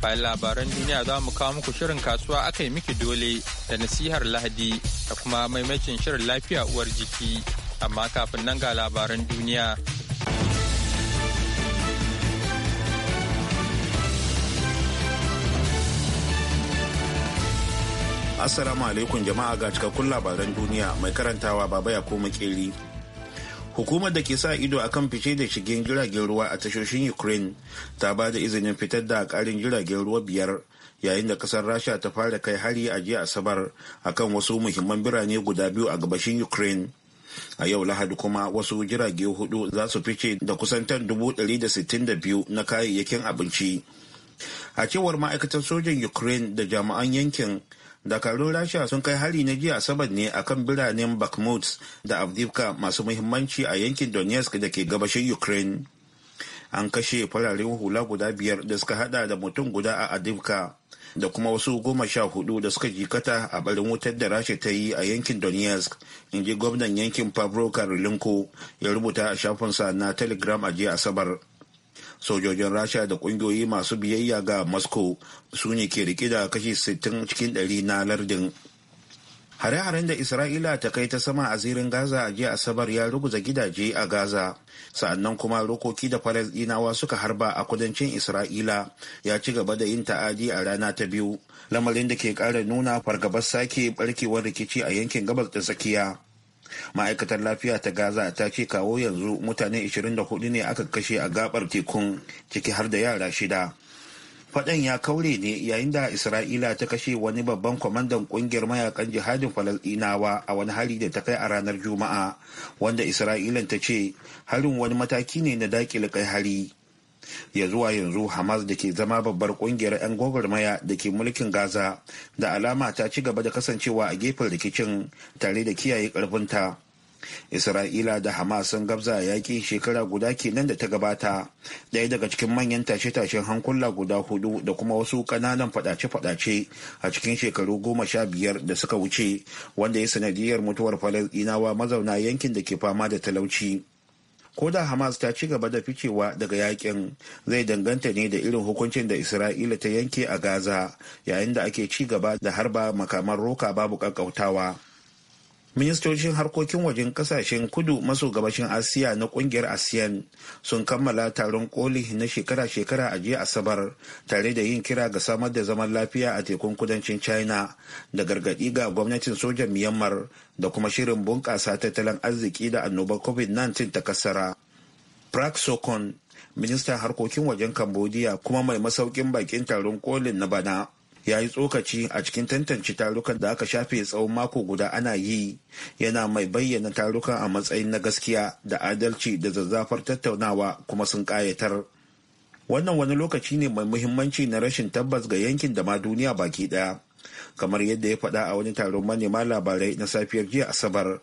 Bayan labaran duniya za mu kawo muku shirin kasuwa aka yi miki dole da nasihar Lahadi da kuma maimacin shirin lafiya uwar jiki. Amma kafin nan ga labaran duniya. Assalamu alaikum jama'a ga cikakkun labaran duniya mai karantawa baba ya koma keri. hukumar da ke sa ido a kan fice da shigen jiragen ruwa a tashoshin ukraine ta ba da izinin fitar da karin jiragen ruwa biyar yayin da kasar rasha ta fara kai hari a jiya asabar a kan wasu muhimman birane guda biyu a gabashin ukraine a yau lahadi kuma wasu jirage hudu za su fice da kusan tan biyu na kayayyakin abinci a cewar ma'aikatar sojan ukraine da jami'an yankin dakarun rasha sun kai hari na jiya asabar ne a kan biranen bakhmut da avdivka masu muhimmanci a yankin donetsk da ke gabashin ukraine an kashe fararen hula guda biyar da suka hada da mutum guda a adivka da kuma wasu goma sha hudu da suka jikata a barin wutar da rasha ta yi a yankin donetsk in ji gwamnan yankin pavlo karilenko ya rubuta a shafinsa na telegram a jiya asabar sojojin rasha da kungiyoyi masu biyayya ga moscow su ne ke rike da kashi 60 cikin 100 na lardin hare-haren da isra'ila ta kai ta sama a zirin gaza a jiya asabar ya ruguza gidaje a gaza sa'annan kuma rokoki da falasdinawa suka harba a kudancin isra'ila ya ci gaba da yin ta'adi a rana ta biyu lamarin da ke kara nuna fargabar sake barkewar rikici a yankin gabas da tsakiya ma'aikatar lafiya ta gaza ta ce kawo yanzu mutane 24 ne aka kashe a gabar tekun ciki har da yara shida faɗan ya kaure ne yayin da isra'ila ta kashe wani babban kwamandan ƙungiyar mayakan jihadin falasɗinawa a wani hari da ta kai a ranar juma'a wanda isra'ilan ta ce harin wani mataki ne na dakile kai hari ya zuwa yanzu hamas da ke zama babbar kungiyar 'yan gwagwarmaya da ke mulkin gaza da alama ta ci gaba da kasancewa a gefen rikicin tare da kiyaye karfinta isra'ila da hamas sun gabza yaƙi shekara guda kenan da ta gabata ɗaya daga cikin manyan tashe-tashen hankula guda hudu da kuma wasu ƙananan faɗace-faɗace a cikin shekaru goma sha biyar da suka wuce wanda ya sanadiyar mutuwar falasɗinawa mazauna yankin da ke fama da talauci ko da hamas ta ci gaba da ficewa daga yakin zai danganta ne da irin hukuncin da isra'ila ta yanke a gaza yayin da ake ci gaba da harba makaman roka babu kakkautawa ministocin harkokin wajen kasashen kudu maso gabashin asiya na kungiyar asiyan sun kammala taron koli na shekara-shekara a jiya asabar tare da yin kira ga samar da zaman lafiya a tekun kudancin china da gargadi ga gwamnatin sojan myanmar da kuma shirin bunƙasa tattalin arziki da annobar covid-19 ta kasara prak ministan harkokin wajen cambodia kuma mai masaukin bakin taron kolin na bana ya yi tsokaci a cikin tantance tarukan da aka shafe tsawon mako guda ana yi yana mai bayyana tarukan a matsayin na gaskiya da adalci da zazzafar tattaunawa kuma sun ƙayatar wannan wani lokaci ne mai muhimmanci na rashin tabbas ga yankin da ma duniya baki ɗaya kamar yadda ya faɗa a wani taron manema labarai na safiyar jiya asabar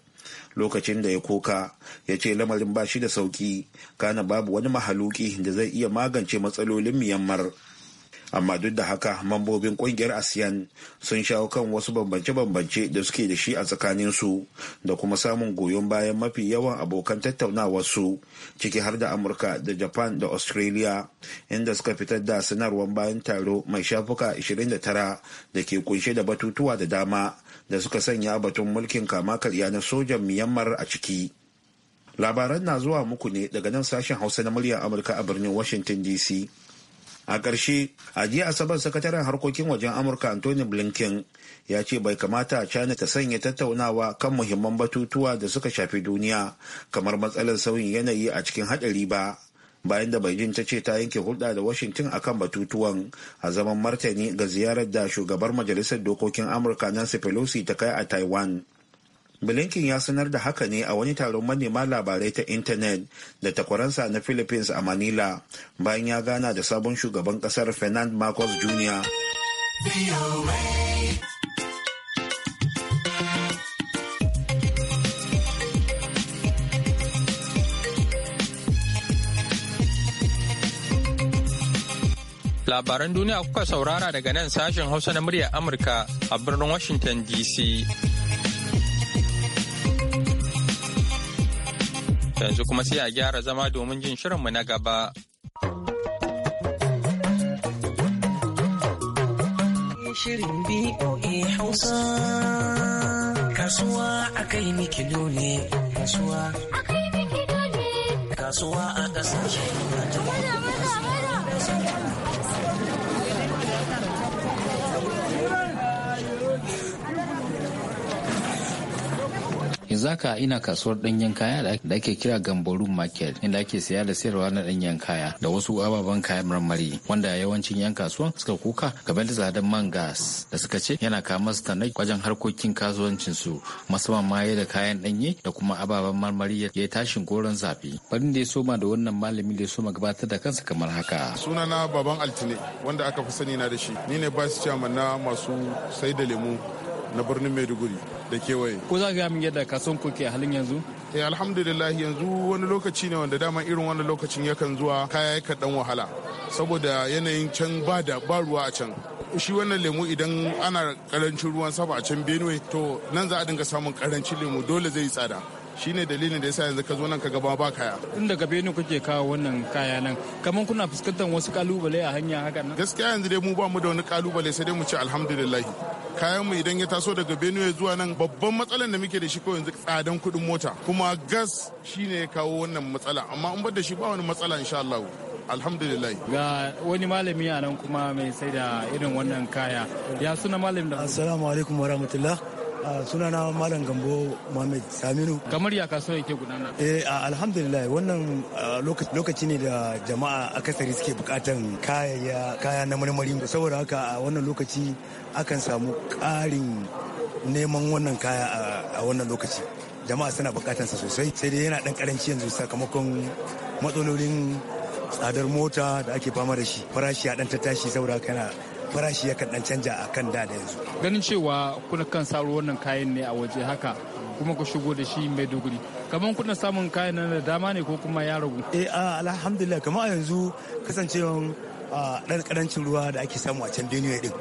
lokacin da ya koka ya ce lamarin ba shi da sauki kana babu wani mahaluki da zai iya magance matsalolin myanmar amma duk da haka mambobin kungiyar asiyan sun shawo kan wasu bambance-bambance da suke da shi a tsakaninsu da kuma samun goyon bayan mafi yawan abokan tattaunawarsu ciki har da amurka da japan da australia inda suka fitar da sanarwar bayan taro mai shafuka 29 da ke kunshe da batutuwa da dama da suka sanya batun mulkin kama karya na sojan myanmar a ciki labaran na zuwa muku ne daga nan sashen hausa na muryar amurka a birnin washington dc a ƙarshe a jiya asabar sakataren harkokin wajen amurka anthony blinken ya ce bai kamata china ta sanya tattaunawa kan muhimman batutuwa da suka shafi duniya kamar matsalar sauyin yanayi a cikin haɗari ba bayan da beijing ta ce ta yanke hulɗa da washington akan batutuwan a zaman martani ga ziyarar da shugabar majalisar dokokin amurka nancy pelosi ta kai a taiwan blinken ya sanar da haka ne a wani taron manema labarai ta intanet da takwaransa na philippines a manila bayan ya gana da sabon shugaban kasar fernand marcos jr Labaran duniya kuka saurara daga nan sashen Hausa na muryar Amurka a birnin Washington DC. Yanzu kuma sai a gyara zama domin jin shirinmu na gaba. Shirin BOA Hausa Kasuwa a kai mikido ne Kasuwa a kai mikido ne Kasuwa a ƙasashen Mata yanzu haka ina kasuwar ɗanyen kaya da ake kira gambaru market inda ake siya da sayarwa na danyen kaya da wasu ababen kayan marmari wanda yawancin yan kasuwan suka kuka game da tsadar man gas da suka ce yana kama su tanai wajen harkokin kasuwancin su musamman ma da kayan ɗanye da kuma ababen marmari ya yi tashin goron zafi Farin da ya soma da wannan malami da ya soma gabatar da kansa kamar haka sunana baban altine wanda aka fi sani na da shi ni ne ba su na masu sai da lemu na birnin maiduguri da kewaye ko za ka min yadda kason ku ke halin yanzu eh alhamdulillah yanzu wani lokaci ne wanda dama irin wani lokacin yakan zuwa kaya ya dan wahala saboda yanayin can ba da ba ruwa a can shi wannan lemu idan ana karancin ruwan sama a can benue to nan za a dinga samun karancin lemu dole zai tsada shine dalilin da yasa yanzu ka zo nan ka gaba ba kaya tun daga benue kuke kawo wannan kaya nan kamar kuna fuskantar wasu kalubale a hanya haka nan gaskiya yanzu dai mu ba mu da wani kalubale sai dai mu ce alhamdulillah kayan mu idan ya taso daga Benue zuwa nan babban matsalar da muke da shi ko yanzu tsadan kuɗin mota kuma gas shine ya kawo wannan matsala amma in bar da shi ba wani matsala insha Allah alhamdulillah ga wani malami a nan kuma mai sai da irin wannan kaya ya suna malamin da assalamu alaikum warahmatullahi A sunana malam gambo Mohamed saminu kamar ya kasuwa yake gudana eh alhamdulillah wannan lokaci ne da jama'a akasari suke bukatan kaya na marmari saboda haka a wannan lokaci akan samu karin neman wannan kaya a wannan lokaci jama'a suna bukatansa sosai sai dai yana dan karanci yanzu sakamakon matsalolin tsadar mota da ake fama da shi farashi ya dan tattashi saboda haka yana farashi ya dan canja a kan da da yanzu ganin cewa kuna kan saro wannan kayan ne a waje haka kuma ku shigo da shi maiduguri kamar kuna samun kayan nan da dama ne ko kuma ya ragu eh ah, alhamdulillah kamar a yanzu kasancewa. ɗan ƙarancin ruwa da ake samu a can benue din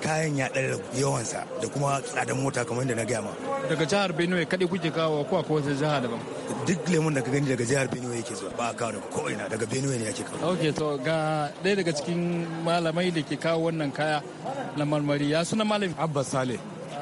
kayan ya ɗan yawansa da kuma tsadan mota kamar yadda na gaya ma daga jihar benue kaɗai kuke kawo ko a akwai wata jiha daban duk lemun da ka gani daga jihar benue yake zuwa ba a kawo daga ko'ina daga benue ne ake kawo ok to ga ɗaya daga cikin malamai da ke kawo wannan kaya na marmari ya suna malam abba sale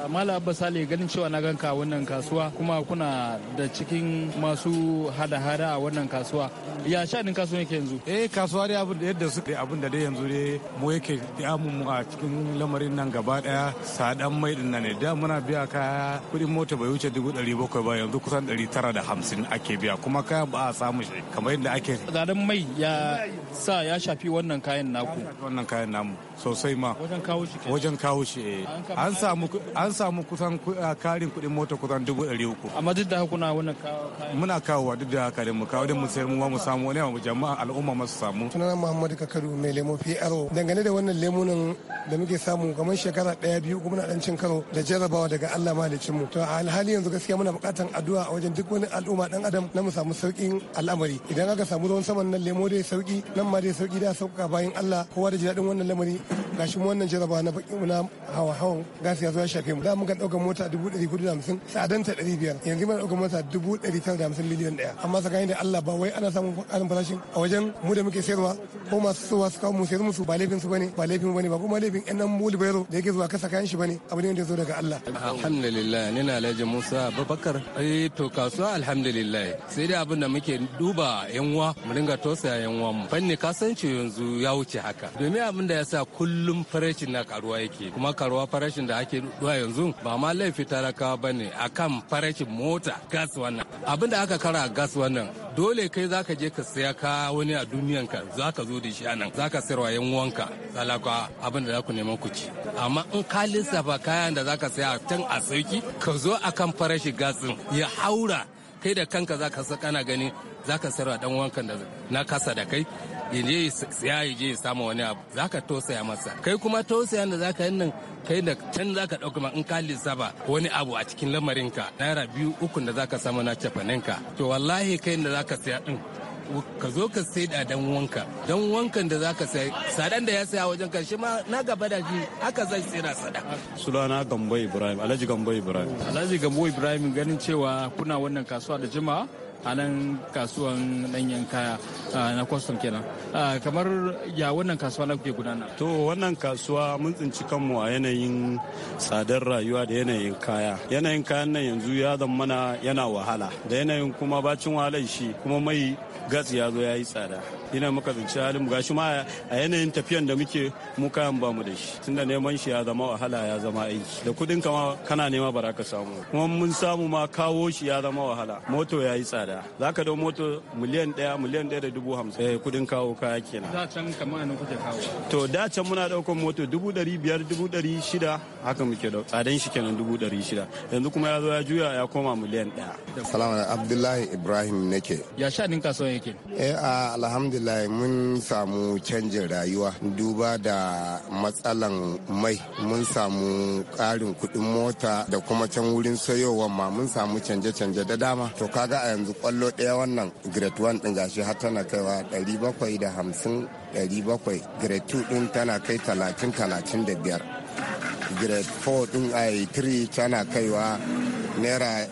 Mala Abba Sale ganin cewa na ganka wannan kasuwa kuma kuna da cikin masu hada-hada a wannan kasuwa. Ya sha'anin kasuwa yake yanzu? Eh kasuwa dai abin da yadda suka abin da dai yanzu dai mu yake mu a cikin lamarin nan gaba daya sadan mai din nan ne da muna biya kaya kudin mota bai wuce dubu ɗari bakwai ba yanzu kusan ɗari tara da hamsin ake biya kuma kaya ba a samu shi kamar yadda ake. Tsadan mai ya sa ya shafi wannan kayan naku. Wannan kayan namu sosai ma. Wajen kawo shi. Wajen kawo shi. Eh. An samu an an samu kusan karin kuɗin mota kusan dubu ɗari uku. Amma duk da haka kuna wannan kawo kayan. Muna kawo duk da haka mu kawo din mu sayar mu mu samu wani mu jama'a al'umma masu samu. Sunana Muhammadu Kakaru mai lemo PRO dangane da wannan lemunan da muke samu kamar shekara ɗaya biyu kuma na ɗan cin karo da jarrabawa daga Allah malicin mu. To a alhali yanzu gaskiya muna buƙatan addu'a a wajen duk wani al'umma ɗan adam na mu samu sauƙin al'amari. Idan aka samu ruwan saman nan lemo dai sauki nan ma dai sauƙi da sauƙa bayan Allah kowa da ji daɗin wannan lamari gashi mu wannan jarrabawa na hawa hawan gasi ya zo ya shafe mu. da muka ɗaukar mota dubu ɗari hudu da hamsin ta ɗari biyar yanzu muna ɗaukar mota dubu ɗari tara da hamsin miliyan ɗaya amma tsakanin da Allah ba wai ana samun ƙarin farashin a wajen mu da muke sayarwa ko masu sowa su kawo mu sayar musu ba laifin su bane ba laifin bane ba kuma laifin ɗan nan muli bayro da yake zuwa kasa kayan shi bane abu ne da ya zo daga Allah. Alhamdulillah ni na Alhaji Musa Babakar. Eh to kasuwa alhamdulillah sai dai abin da muke duba yan uwa mu ringa tosa yan uwa mu. Fanni kasance yanzu ya wuce haka. Domin abin da ya sa kullum farashin na karuwa yake kuma karuwa farashin da ake duwa yanzu yanzu ba ma laifi talakawa ba ne a kan farashin mota gas wannan abin da aka kara gas wannan dole kai za ka je ka siya ka wani a duniyanka za ka zo da shi anan za ka sayarwa yan uwanka talakawa abin da za ku neman ku ci amma in ka lissafa kayan da za ka saya tun a sauki ka zo a kan farashin gas ya haura kai da kanka za ka sa kana gani za ka sayarwa dan wankan da na kasa da kai ya je ya je ya samu wani abu zaka tosaya masa kai kuma tosaya da zaka yin nan kai da can zaka dauka ma in ka lissafa wani abu a cikin lamarinka naira biyu uku da zaka samu na cefaninka to wallahi kai da zaka saya din ka zo ka sai da dan wanka dan wankan da zaka sai sadan da ya saya wajen ka shi ma na gaba da shi haka zai tsira sada sulana gambo ibrahim alhaji gambo ibrahim alhaji gambo ibrahim ganin cewa kuna wannan kasuwa da jima'a a nan kasuwan ɗanyen kaya na kwastam kenan kamar ya wannan kasuwa na kuke gudana to wannan kasuwa mun tsinci kanmu a yanayin tsadar rayuwa da yanayin kaya yanayin kayan nan yanzu ya mana yana wahala da yanayin kuma bacin wahalar shi kuma mai gas ya zo ya yi tsada ina muka zance halin gashi ma a yanayin tafiyan da muke mu kayan bamu da shi tunda neman shi ya zama wahala ya zama aiki da kudin kama kana nema ba ka samu kuma mun samu ma kawo shi ya zama wahala moto ya yi tsada za ka dau moto miliyan ɗaya miliyan ɗaya da dubu hamsin eh, kudin kawo kaya kenan da can kamar nan kuke kawo to da can muna ɗaukan moto dubu ɗari biyar dubu ɗari shida haka muke ɗau tsadan shi kenan dubu ɗari shida yanzu kuma ya zo ya juya ya koma miliyan ɗaya. salamu abdullahi ibrahim nake ya sha ɗin kasuwan yake eh alhamdulillah alhamdulillah mun samu canjin rayuwa duba da matsalan mai mun samu karin kudin mota da kuma can wurin sayowa ma mun samu canje-canje da dama to kaga a yanzu kwallo daya wannan grade 1 din gashi har tana kaiwa 750 700 grade 2 din tana kai 30 35 grade 4 din ai 3 tana kaiwa naira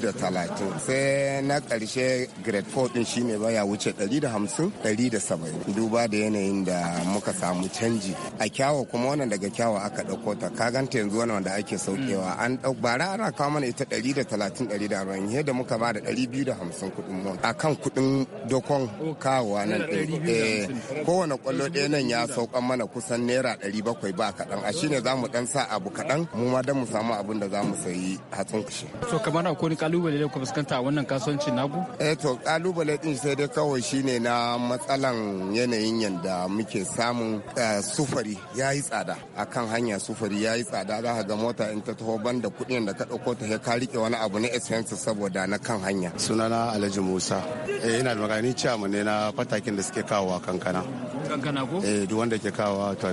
da talatin sai na ƙarshe grade 4 ɗin shine ba ya wuce da hamsin da saba'in. duba da yanayin da muka samu canji a kyawa kuma wannan daga kyawa aka ɗauko ta ka ganta yanzu wannan da ake saukewa an ɗau bara ana kawo mana ita da talatin da 140 yadda muka ba da biyu da hamsin kuɗin mota a kan kuɗin dokon kawowa nan eh, kowane kwallo ɗaya nan ya saukan mana kusan naira bakwai ba kaɗan a shine za mu ɗan sa abu kaɗan mu ma don mu samu abin da za mu sayi hatsin kashi. So kamar kone kalubale da ku fuskanta a wannan kasuwancin nagu? Eh to kalubale din sai dai kawai shine na matsalan yanayin yanda muke samun eh, sufari ya yi tsada akan hanya sufari ya yi tsada za ka ga mota in ta taho da kuɗin da ka ɗauko ta ka rike wani abu na expenses saboda na kan hanya. Sunana Alhaji Musa. Eh ina da magani mu ne na fatakin da suke kawowa kankana. Kankana ko? Eh duk wanda ke kawowa to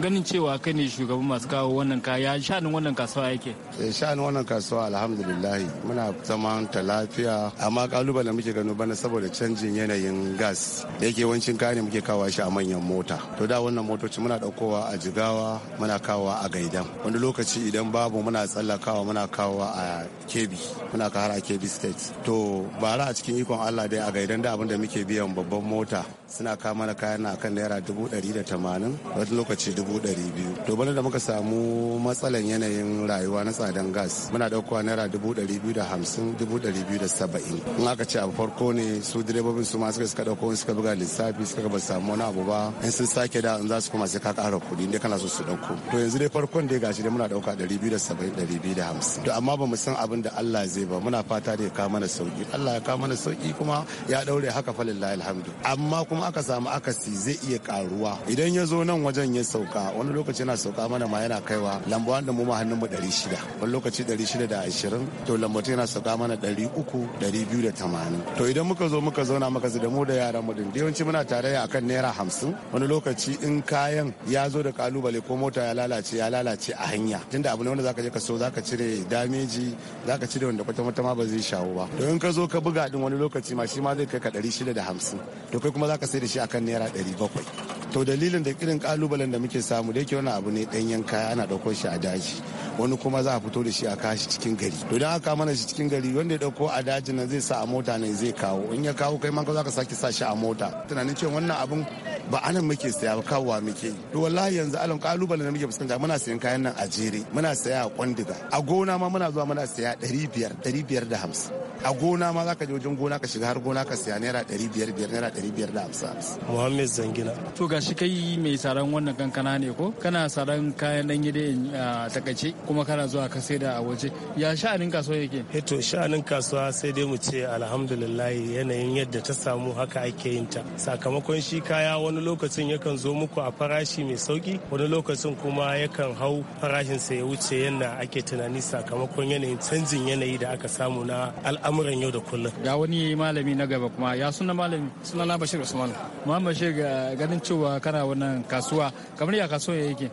Ganin cewa kai ne shugaban masu kawo wannan kaya shanin wannan kasuwa yake. sai eh, sha'ani wannan kasuwa alhamdulillah muna zaman ta lafiya amma kalubale muke gano bana saboda canjin yanayin gas da yake wancin kaya ne muke kawo shi a manyan mota to da wannan motoci muna daukowa a jigawa muna kawowa a gaidan wani lokaci idan babu muna tsallakawa muna kawowa a kebi muna kahar a kebi state to bara a cikin ikon allah dai a gaidan da abin da muke biyan babban mota suna kawo mana kayan na kan naira dubu ɗari da tamanin wani lokaci dubu ɗari biyu to bana da muka samu matsalan yanayin rayuwa na tsadan gas muna daukowa naira dubu dari biyu da hamsin dubu dari biyu da saba'in in aka ce a farko ne su direbobin su ma suka suka dauko suka buga lissafi suka ba samu wani abu ba in sun sake da in za su koma sai ka kara kuɗi inda kana so su dauko to yanzu dai farkon dai gashi dai muna dauka dari biyu da saba'in dari biyu da hamsin to amma ba mu san abin da Allah zai ba muna fata da ya kawo mana sauki Allah ya kawo mana sauki kuma ya ɗaure haka falillahi alhamdu amma kuma aka samu akasi zai iya karuwa idan ya zo nan wajen ya sauka wani lokaci yana sauka mana ma yana kaiwa lambawan da mu ma hannun mu ɗari shi shida wani lokaci 620 to lambatu yana sauka mana 300 280 to idan muka zo muka zauna muka da mu da yaran mu din yawanci muna a kan naira hamsin, wani lokaci in kayan ya zo da kalubale ko mota ya lalace ya lalace a hanya tunda abu ne wanda zaka je ka so zaka cire dameji zaka cire wanda kwata mata ma ba zai shawo ba to in ka zo ka buga din wani lokaci ma shi ma zai kai ka 650 to kai kuma zaka sai da shi akan naira 700 to dalilin da irin kalubalen da muke samu da yake wani abu ne ɗanyen kaya ana ɗauko shi a daji wani kuma za a fito da shi a kashi cikin gari to idan aka mana shi cikin gari wanda ya dauko a daji nan zai sa a mota ne zai kawo in ya kawo kai ma ka zaka sake sa shi a mota tunanin cewa wannan abun ba anan muke saya ba kawowa muke to wallahi yanzu alon kalubalen da muke fuskanta muna sayan kayan nan a jere muna saya a kwandiga a gona ma muna zuwa muna saya ɗari biyar da hamsin a gona ma zaka je wajen gona ka shiga har gona ka siya naira ɗari biyar biyar naira ɗari biyar da hamsin muhammed zangina to ga shi kai mai saran wannan kankana ne ko kana saran kayan ɗan gida a takaice kuma kana zuwa ka saida a waje ya sha'anin kasuwa yake eh to sha'anin kasuwa sai dai mu ce alhamdulillah yanayin yadda ta samu haka ake yin ta sakamakon shi kaya wani lokacin yakan zo muku a farashi mai sauki wani lokacin kuma yakan hau farashin sa ya wuce yadda ake tunani sakamakon yanayin canjin yanayi da aka samu na al'amari. al'amuran yau da kullum. Ga wani malami na gaba kuma ya suna malami suna na Bashir Usman. Muhammad Bashir ganin cewa kana wannan kasuwa kamar ya kasuwa yake.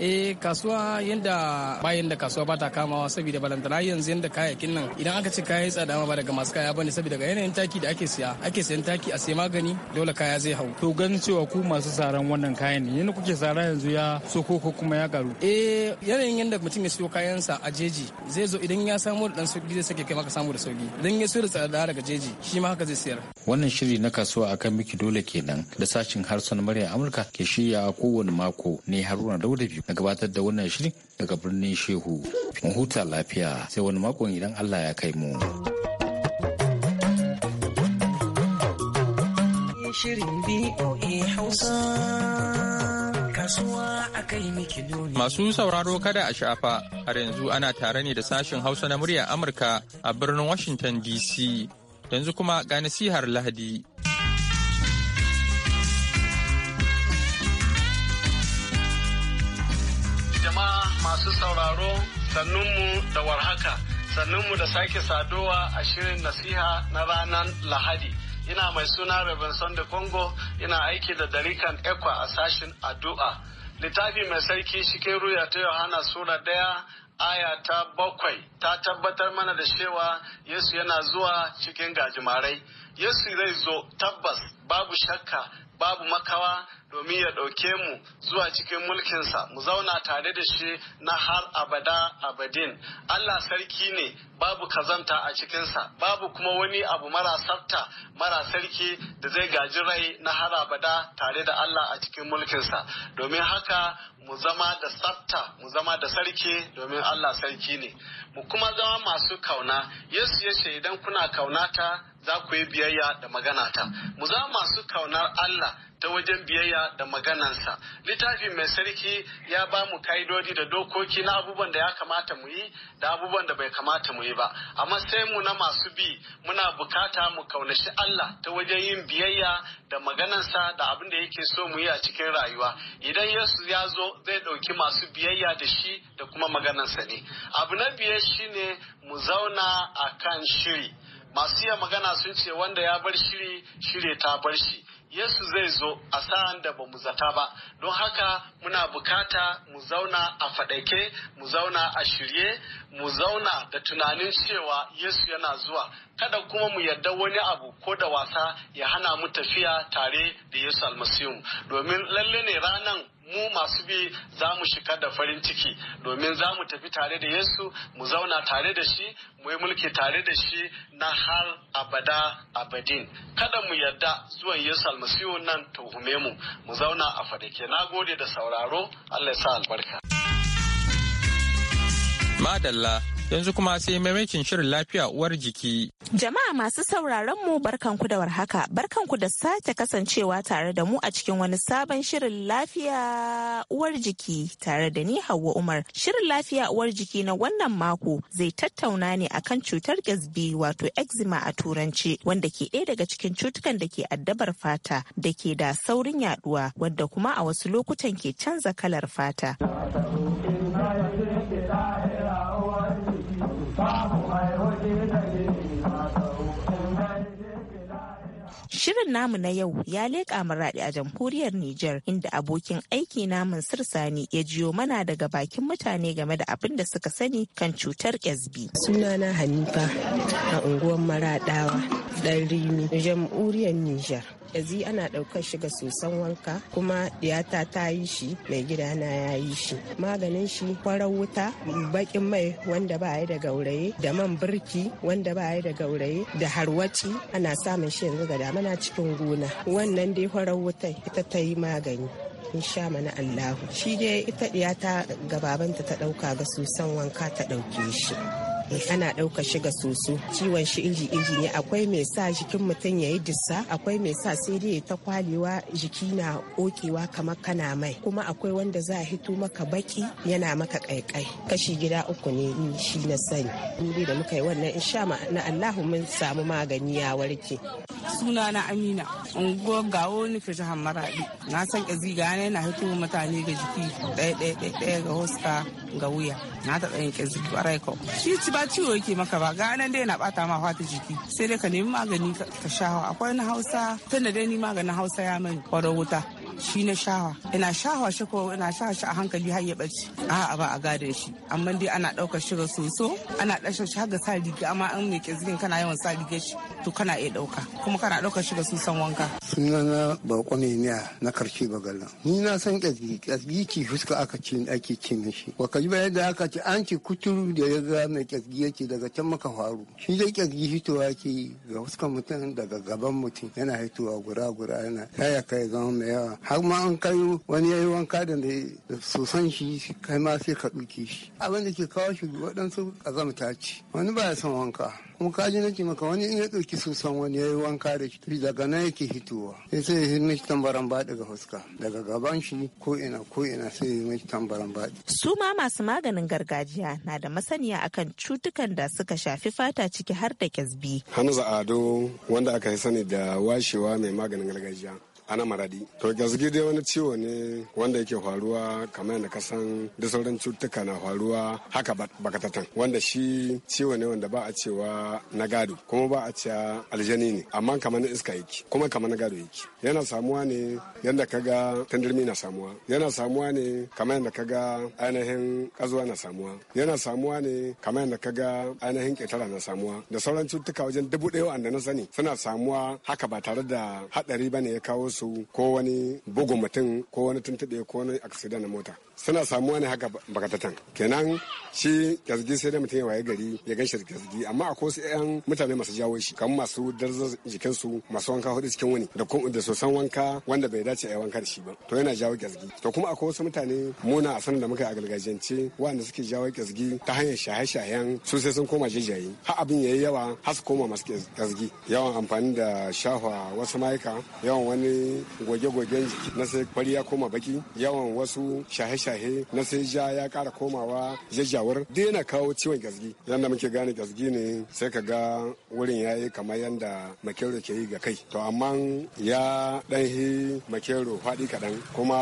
eh kasuwa yanda bayan da kasuwa ba ta kamawa saboda balantana yanzu yanda kayayyakin nan idan aka ce kayan tsada ma ba daga masu kaya bane saboda ga yanayin taki da ake siya ake sayan taki a sai magani dole kaya zai hau to ganin cewa ku masu saran wannan kayan ne yanda kuke sara yanzu ya soko ko kuma ya karu eh yanayin yanda mutum ya siyo sa a jeji zai zo idan ya samu da dan sauki zai sake kai maka samu da sauki idan ya siyo da tsada daga jeji shi ma haka zai siyar wannan shiri na kasuwa akan miki dole kenan da sashin harsunan murya Amurka ke shirya kowane mako ne Haruna Dauda biyu na gabatar da wannan shirin daga birnin Shehu. Mu huta lafiya sai wani makon idan Allah ya kai mu. Masu sauraro kada a shafa, har yanzu ana tare ne da sashen Hausa na murya Amurka a birnin Washington DC, yanzu kuma ga nasihar Lahadi. masu sauraro sannunmu da warhaka sannunmu da sake saduwa a shirin nasiha na ranar lahadi ina mai suna Reverend da Congo ina aiki da darikan ekwa a sashen addu'a littafi mai sarki cikin ruya ta yohana sura daya aya ta bakwai ta tabbatar mana da cewa yesu yana zuwa cikin gajimarai yesu zai zo tabbas babu shakka babu makawa domin ya ɗauke mu zuwa cikin mulkinsa mu zauna tare da shi na har abada abadin Allah sarki ne babu kazanta a cikinsa babu kuma wani abu mara tsafta mara sarki da zai gaji rai na har abada tare da Allah a cikin mulkinsa domin haka mu zama da sarta mu zama da sarki domin Allah sarki ne mu kuma zama masu kauna Yesu ya ce idan kuna kaunata za ku yi biyayya da maganata mu zama masu kaunar Allah ta wajen biyayya da maganansa littafi mai sarki ya ba mu ka'idodi da dokoki na abubuwan da ya kamata mu yi da abubuwan da bai kamata mu yi ba amma sai mu na masu bi muna bukata mu kaunashi Allah ta wajen yin biyayya da maganansa da abin da yake so mu yi a cikin rayuwa idan Yesu ya zo zai ɗauki masu biyayya da shi da kuma maganansa ne abu na biyar shine mu zauna a kan shiri masu iya magana sun ce wanda ya bar shiri ta bar shi Yesu zai zo a sa'an da ba mu zata ba don haka muna bukata mu zauna a faɗake mu zauna a shirye mu zauna da tunanin cewa Yesu yana zuwa kada kuma mu yarda wani abu ko da wasa ya hana mu tafiya tare da Yesu almasihu domin lalle ne ranan mu masu bi za mu shiga da farin ciki domin za mu tafi tare da Yesu mu zauna tare da shi mu yi mulki tare da shi na har abada abadin kada mu yarda zuwan Yesu almasihu nan tuhume mu mu zauna a fadake na gode da sauraro Allah ya sa albarka madalla Yanzu kuma sai maimakin shirin lafiya uwar jiki. Jama'a masu sauraron mu barkanku da warhaka, barkanku da sake kasancewa tare da mu a cikin wani sabon shirin lafiya uwar jiki tare da ni Hauwa Umar. Shirin lafiya uwar jiki na wannan mako zai tattauna ne akan cutar gazbi wato eczema a turanci wanda ke ɗaya daga cikin cutukan da ke addabar fata da ke da saurin yaduwa wadda kuma a wasu lokutan ke canza kalar fata. Shirin namu na yau ya leƙa maraɗi a jamhuriyar Nijar inda abokin aiki namun sirsani ya jiyo mana daga bakin mutane game da abin da suka sani kan cutar SB. Sunana Hanifa a unguwar Maraɗawa. dan rimi jam'uriyar niger yanzu ana ɗaukar shiga sosan wanka kuma diyata ta yi shi mai gida na ya yi shi maganin shi kwarar wuta bakin mai wanda ba ya da gauraye da man birki wanda ba ya da gauraye da harwaci ana samun shi yanzu ga damana cikin gona wannan dai kwarar wuta ita ta yi magani in sha mana allahu shi dai ita diyata gababanta ta ɗauka ga sosan wanka ta ɗauke shi ana ɗauka shi ga soso ciwon shi iri iri ne akwai mai sa jikin mutum ya yi dissa akwai mai sa sai dai ta kwalewa jiki na kokewa kamar kana mai kuma akwai wanda za a hito maka baki yana maka kaikai kashi gida uku ne shi na sani in da muka yi wannan in sha na Allahu mun samu magani ya warke suna na Amina Ungo gawo ni fita jihar Maradi na san ƙaziga ne na hito mutane ga jiki ɗaya ɗaya ɗaya ga hosta ga wuya na taɓa yin ƙazi ƙwarai ko shi ba ciwo yake maka ba ga nan dai na bata ma fata jiki sai dai ka nemi magani ka sha akwai na hausa tunda dai ni maganin hausa ya mani kwarar wuta shi na shawa ina shawa shi ko ina shawa shi a hankali har ya bace a'a ba a gadon shi amma dai ana daukar shi ga soso ana ɗaukar shi har ga sa riga amma an mai kizgin kana yawan sa riga shi to kana iya ɗauka kuma kana ɗauka shi ga susan wanka. sunana bako ne na karshe bagala ni na san kazgi kazgi ki fuska aka ce ake ce shi wa kaji ba yadda aka ce an ce kuturu da ya ga mai kazgi yake daga can maka faru shi dai kazgi hitowa ke ga fuskan mutum daga gaban mutum yana hitowa gura gura yana kaya kai zama mai yawa har ma an kai wani yayi wanka da su san shi kai ma sai ka ɗauke shi abin da ke kawo shi waɗansu ƙazamta ce wani ba ya son wanka kuma kaji nake maka wani in ya ɗauki san wani ya yi wanka da shi daga nan yake hitowa sai sai ya mishi tambaran ba daga fuska daga gaban shi ko ina ko ina sai ya mishi tambaran ba. su ma masu maganin gargajiya na da masaniya akan cutukan da suka shafi fata ciki har da kyasbi. hanza ado wanda aka sani da washewa mai maganin gargajiya ana maradi to gaske dai wani ciwo ne wanda yake faruwa kamar yadda ka san da sauran cututtuka na faruwa haka bakatatan wanda shi ciwo ne wanda ba a cewa na gado kuma ba a cewa aljani ne amma kamar na iska yake kuma kamar na gado yake yana samuwa ne yadda ka ga tandirmi na samuwa yana samuwa ne kamar yadda ka ga ainihin kazuwa na samuwa yana samuwa ne kamar yadda ka ga ainihin ketara na samuwa da sauran cututtuka wajen dubu ɗaya wanda na sani suna samuwa haka ba tare da hadari ba ne ya kawo su ko wani bugu mutum ko wani tuntuɓe ko wani na mota suna samuwa ne haka bakatatan kenan shi kyazgi sai da mutum ya waye gari ya gan shi da kyazgi amma akwai wasu yan mutane masu jawo shi kamar masu darzar jikinsu masu wanka hudu cikin wani da da sosan wanka wanda bai dace a wanka da shi ba to yana jawo kyazgi to kuma akwai wasu mutane muna a sanin da muka a gargajiyance wanda suke jawo kyazgi ta hanyar shaye-shayen su sai sun koma jejaye ha abin ya yi yawa har su koma masu kyazgi yawan amfani da shafa wasu mayuka yawan wani goge-gogen jiki na sai kwari ya koma baki yawan wasu shaye shahe na sai ja ya kara komawa jajjawar duk kawo ciwon gasgi yadda muke gane gasgi ne sai ka ga wurin ya yi kamar yadda makero ke yi ga kai to amma ya hi makero faɗi kaɗan kuma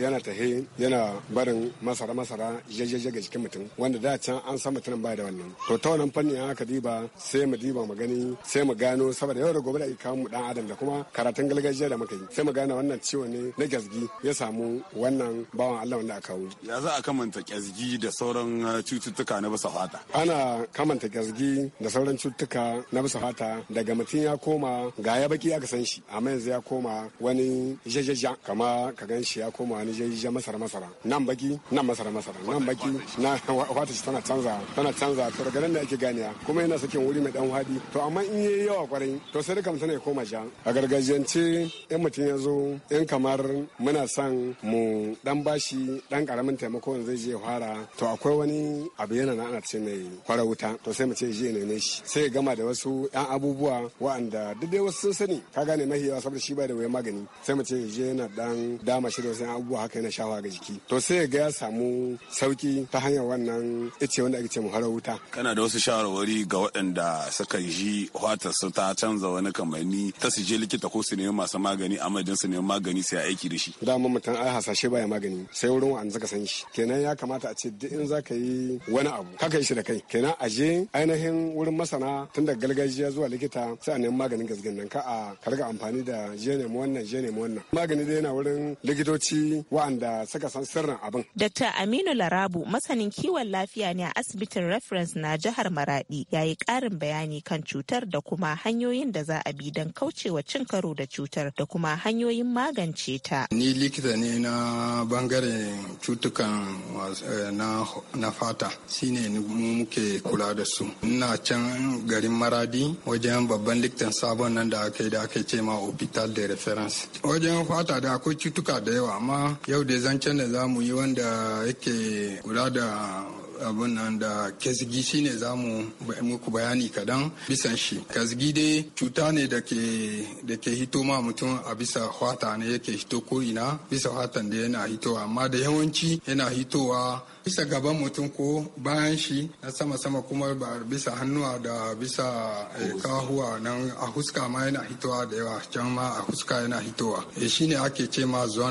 yana tahe yana barin masara masara jajjaje ga jikin mutum wanda da can an san mutum ba da wannan to ta wannan fanni aka diba sai mu diba mu gani sai mu gano saboda yau da gobe da kawo mu dan adam da kuma karatun gargajiya da muka yi sai mu gane wannan ciwon ne na gasgi ya samu wannan bawan Allah wanda aka kawo. Ya za a kamanta kyazgi da sauran uh, cututtuka na bisa fata? Ana kamanta kyazgi da sauran cututtuka na bisa fata daga mutum ya koma ga ya baki aka san shi amma yanzu ya koma wani jajaja kama ka gan shi ya koma wani jajaja masara masara nan baki nan masara masara nan baki na wata shi tana canza tana canza to daga nan da ake ganiya kuma yana sakin wuri mai dan hadi to amma in yayi yawa kwarai to sai duka mutum ya koma ja a gargajiyance in mutum ya zo in kamar muna san mu dan bashi dan dan karamin taimako wanda zai je fara to akwai wani abu yana na ana ce mai fara wuta to sai mu ce je ne shi sai gama da wasu yan abubuwa waɗanda duk dai wasu sun sani ka gane mahi yawa saboda shi bai da wai magani sai mu ce je yana dan dama shi da wasu abubuwa haka yana shawa ga jiki to sai ya ga ya samu sauki ta hanyar wannan ice wanda ake ce mu fara wuta kana da wasu shawarwari ga waɗanda suka ji hwatar su ta canza wani kamanni ta su je likita ko su nemi masu magani a madadin su nemi magani sai aiki da shi dama mutum ai hasashe baya magani sai wurin an zaka san shi kenan ya kamata a ce duk in za ka yi wani abu ka kai shi da kai kenan a je ainihin wurin masana tun daga gargajiya zuwa likita sai a nemi maganin gasgan nan ka a karga amfani da je nemi wannan je nemi wannan magani dai yana wurin likitoci wa'anda suka san sirrin abin. Dr. Aminu Larabu masanin kiwon lafiya ne a asibitin reference na jihar Maradi ya yi ƙarin bayani kan cutar da kuma hanyoyin da za a bi don kaucewa cin karo da cutar da kuma hanyoyin magance ta. Ni likita ne na bangaren cutukan eh, na fata shine mu muke kula da su ina can garin maradi wajen babban likitan sabon nan da aka yi da aka ce ma hospital de reference wajen fata da akwai cutuka da yawa amma yau da zancen da za mu yi wanda yake kula da abin nan da kasgi shi ne za mu muku bayani kadan bisan shi kasgi dai cuta ne da ke hito ma mutum a bisa hwata ne yake hito ko ina bisa hwatan da yana hito amma da yawan yawanci yana hitowa bisa gaban mutum ko bayan shi na sama-sama kuma ba bisa hannuwa da bisa eh, kahuwa nan a huska ma yana hitowa da yawa can ma a huska yana hitowa eh, shi ne ake ce ma zuwa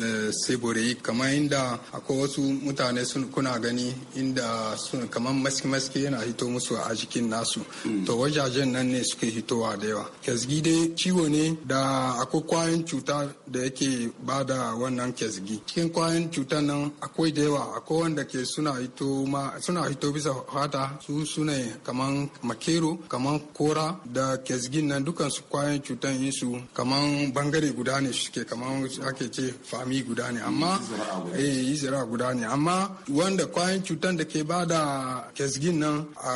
eh, sebore kamar inda akwai wasu mutane sun kuna gani inda sun kamar maski-maski yana hito musu a jikin nasu mm. to wajajen nan ne suke hitowa da yawa kesgi dai ciwo ne da akwai kwayan cuta da yake bada wannan kesgi cikin kwayan cuta nan akwai da yawa akwai wanda ke suna hito ma suna hito bisa fata su suna kaman makero kaman kora da kezgin nan dukan su kwayan cutan yin su kaman bangare guda ne suke kaman ake ce fami guda ne amma eh izira guda ne amma wanda kwayan cutan da ke bada kezgin nan a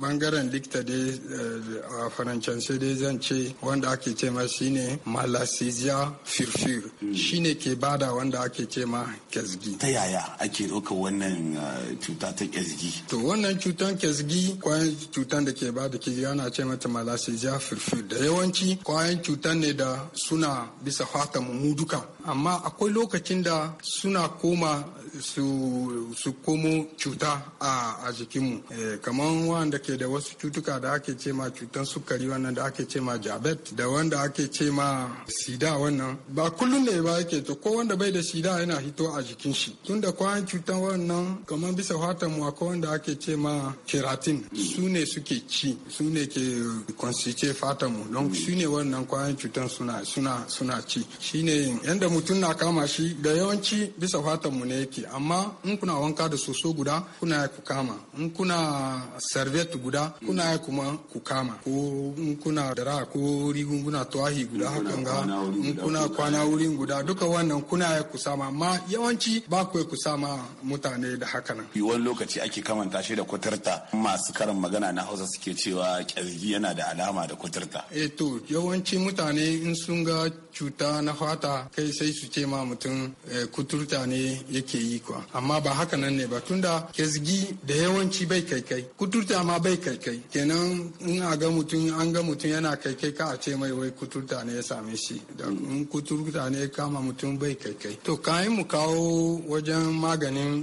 bangaren likita dai eh, a farancance dai zan ce wanda ake ce ma shine malasizia firfir hmm. shine ke bada wanda ake ce ma kezgin ta yaya ake ake ɗaukar wannan ah, cuta ta kyazgi. To wannan cutan kyazgi kwayan cutan da ke ba da ke ana ce mata malassezia firfir da yawanci kwayan cutan ne da suna bisa fata mu duka amma akwai lokacin da suna koma su su komo cuta a a jikinmu eh, kamar wanda ke da wasu cutuka da ake ce ma cutan sukari wannan da ake ce ma jabet da wanda ake ce ma sida wannan ba kullum ne ba yake to ko wanda bai da sida yana hito a jikin shi tunda kwayan cutan wannan kamar bisa fatan mu akwai wanda ake ce ma keratin su ne suke ci su ne ke constitute fatan mu don su ne wannan kwayan cutan suna suna suna ci shine yanda mutum na kama shi da yawanci bisa fatan mu ne yake amma in kuna wanka da soso guda kuna ya ku kama in kuna serviette guda kuna ya kuma ku kama ko in kuna dara ko rigunguna tuwahi guda hakan ga in kuna kwana wurin guda duka wannan kuna ya ku sama amma yawanci ba ku ku sama mutane da haka nan. wani lokaci ake kamanta shi da kuturta masu karin magana na hausa suke cewa kyazgi yana da alama da kuturta. eh to yawanci mutane in sun ga cuta na fata kai sai su ce ma mutum eh, kuturta ne yake yi yi kuwa amma ba haka nan ne ba tunda kezgi da yawanci bai kai kai kuturta ma bai kai kai kenan in a ga mutum an ga mutum yana kai kai ka a ce mai wai kuturta ne ya same shi da in kuturta ne kama mutum bai kai kai to kayan mu kawo wajen maganin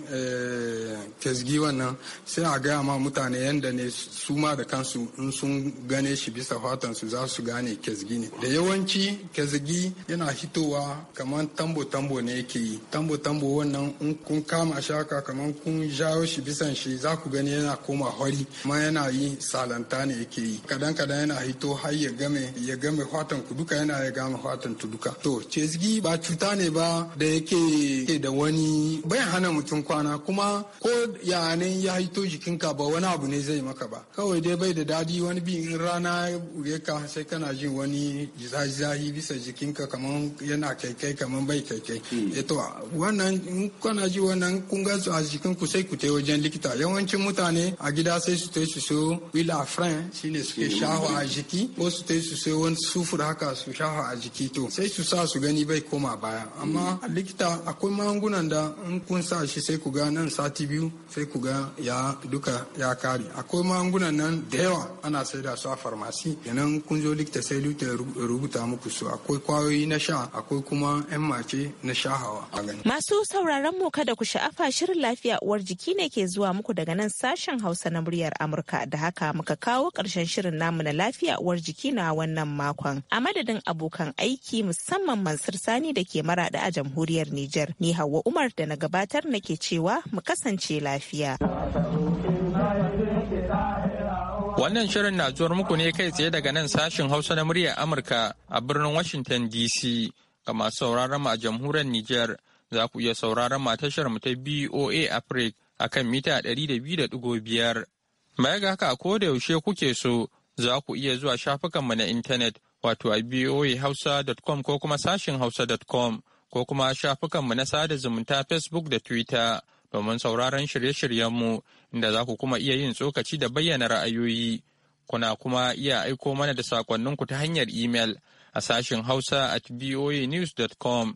kezgi eh, wannan sai a gaya ma mutane yanda ne su ma da kansu in sun gane shi bisa fatan su za su gane kezgi ne da yawanci kezgi yana hitowa kamar tambo tambo ne yake yi tambo tambo wannan in kun kama shaka haka kamar kun jawo shi bisan shi za ku gani yana koma hori amma yana yi salanta ne yake yi kadan kadan yana hito har ya game ya game fatan ku duka yana ya game fatan tu duka to cezgi ba cuta ne ba da yake ke da wani bai hana mutum kwana kuma ko yanin ya hito jikinka ba wani abu ne zai maka ba kawai dai bai da dadi wani bi in rana ya ka sai kana jin wani zahi bisa jikinka kamar yana kaikai kamar bai kaikai hmm. eh to wannan kana ji wannan kun ga a jikin ku sai ku tai wajen likita yawancin mutane a gida sai su tai su so wila fran shine suke mm. shaho a jiki ko su tai su so wani sufur haka su shaho a jiki to sai su sa su gani bai koma baya amma a mm. likita akwai magungunan da in kun sa shi sai ku ga nan sati biyu sai ku ga ya duka ya kare akwai magungunan nan da yawa ana saida su a farmasi kenan kun zo likita sai likita rubuta muku su akwai kwayoyi na sha akwai kuma yan mace na shahawa masu sauraron mu kada ku sha'afa shirin lafiya uwar jiki ne ke zuwa muku daga nan sashen Hausa na muryar Amurka da haka muka kawo ƙarshen shirin namu na lafiya uwar jiki na wannan makon. A madadin abokan aiki musamman Mansur Sani da ke da a jamhuriyar Nijar. Ni Hauwa Umar da na gabatar nake cewa mu kasance lafiya. Wannan shirin na zuwar muku ne kai tsaye daga nan sashen Hausa na muryar Amurka a birnin Washington DC ga masu sauraron mu a jamhuriyar Nijar. za ku iya sauraron matashar mu ta BOA Africa a kan mita biyar Baya ga haka ko da yaushe kuke so za ku iya zuwa shafukanmu na intanet wato a hausa boahausa.com ko kuma sashin hausa.com ko kuma shafukanmu na sada zumunta Facebook da Twitter domin sauraron shirye-shiryenmu inda za ku kuma iya yin tsokaci da bayyana ra'ayoyi. Kuna kuma iya aiko mana da sakonninku ta hanyar imel a sashin hausa at boanews.com.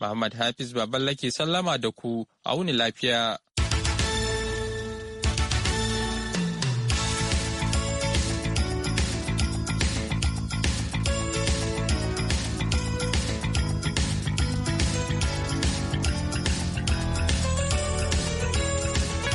Muhammad Hafiz baballe ke sallama da ku a wuni lafiya.